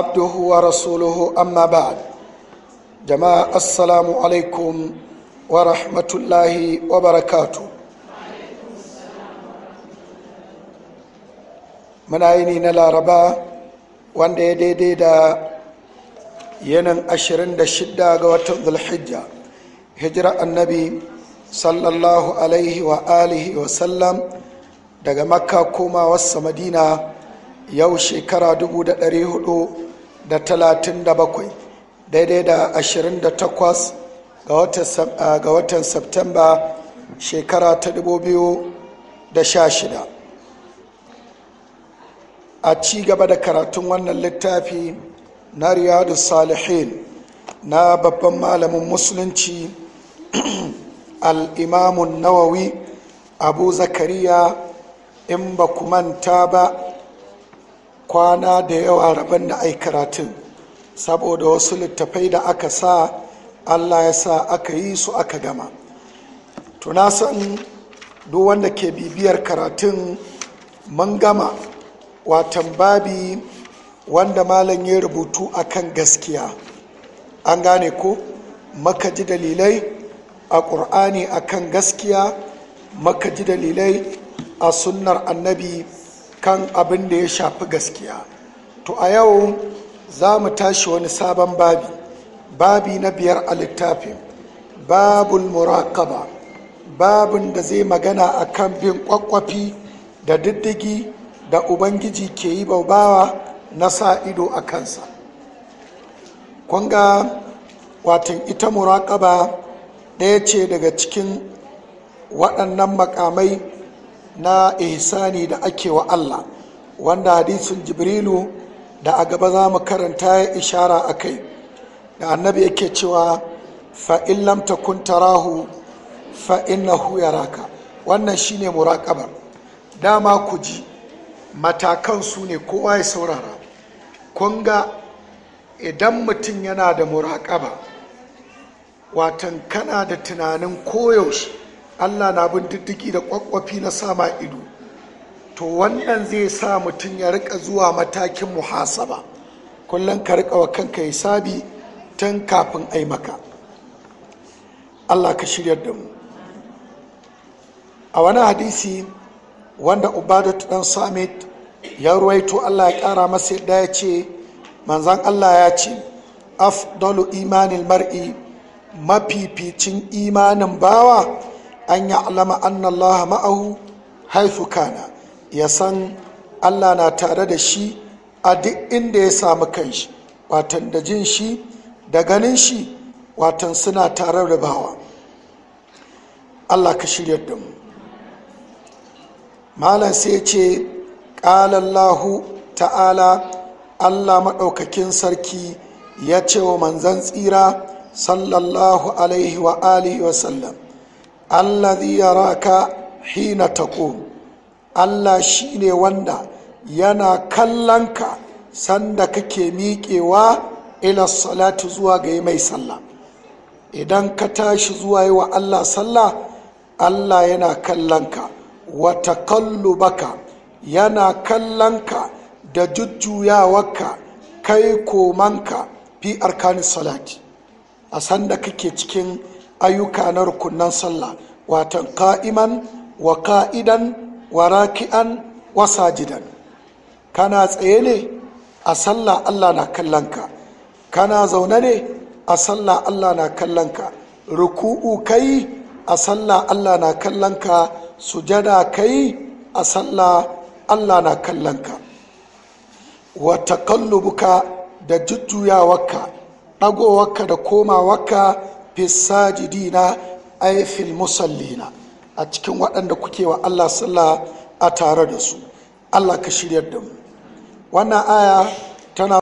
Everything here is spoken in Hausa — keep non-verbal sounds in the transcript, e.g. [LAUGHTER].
abduhu wa rasuluhu amma ba'd jama'a assalamu alaikum wa rahmatullahi wa barakatu muna yini na laraba wanda ya daidai da yanin 26 ga watan zulhijja hijira annabi sallallahu alaihi wa alihi wa sallam daga makka koma wasa madina yau shekara 437 daidai da 28 ga watan Septemba shekara ta 2016 a ci gaba da karatun wannan littafi na riyadu salihin na babban malamin musulunci [CLEARS THROAT] al'imamun nawawi abu zakariya in ba ku manta ba kwana da yawa rabon da ai karatun saboda wasu littafai da aka sa allah ya sa aka yi su aka gama tuna san duk wanda ke bibiyar karatun mun gama watan babi wanda malam ya rubutu akan gaskiya an gane ko maka ji dalilai a ƙur'ani akan gaskiya maka ji dalilai a sunnar annabi kan abin da ya shafi gaskiya to a yau za mu tashi wani sabon babi babi na biyar a littafin babul muraƙaba babin da zai magana a kan bin ƙwaƙwafi da diddigi da ubangiji ke yi bawa na sa ido a kansa kwanga watan ita muraƙaba ɗaya ce daga cikin waɗannan makamai na ihsani da ake wa Allah wanda hadisin jibrilu da a gaba za mu karanta ya ishara a kai da annabi yake cewa fa'in lam takun tarahu fa'in na raka wannan shi ne muraƙaba. dama ku ji matakan su ne kowa ya saurara kun ga idan mutum yana da muraƙaba watan kana da tunanin koyaushe allah na bin diddiki da kwakwafi na sama ido to wannan zai sa mutum ya rika zuwa matakin muhasaba kullum ka rika wa kanka hisabi tun kafin ai maka allah ka shirya da mu a wani hadisi wanda ubadatu dan samit ya ruwaito allah ya kara masa yadda ya ce manzan allah ya ce afdalu imanin mar'i mafificin imanin bawa an yi anna Allah ma'ahu haifu kana ya san Allah na tare da shi a duk inda ya samu kanshi watan da jin shi da ganin shi watan suna tare da bawa Allah ka shirya da mu malam sai ce ƙalallahu ta'ala Allah maɗaukakin sarki ya ce wa manzan tsira sallallahu alaihi wa alihi wa sallam alladhi yaraka hina taqum Allah shine wanda yana ka sanda kake miƙewa ila salatu zuwa ga mai sallah idan ka tashi zuwa yi wa Allah sallah Allah yana kallonka wa taqallubaka yana ka da jujjuyawarka kai komanka fi arkanin salati a sanda kake cikin ayyuka na rukunan sallah watan ka'iman wa ka'idan wa raki'an wa sajidan kana tsaye ne a sallah allah na kallonka kana zaune ne a sallah allah na kallonka ruku'u kai a sallah allah na kallonka sujada kai a sallah allah na kallonka wata kallubuka da jujjuyawarka ɗagowarka da komawarka fi sajidina ay fil musallina a cikin waɗanda kuke wa Allah sallah a tare da su Allah ka shirya da mu wannan aya tana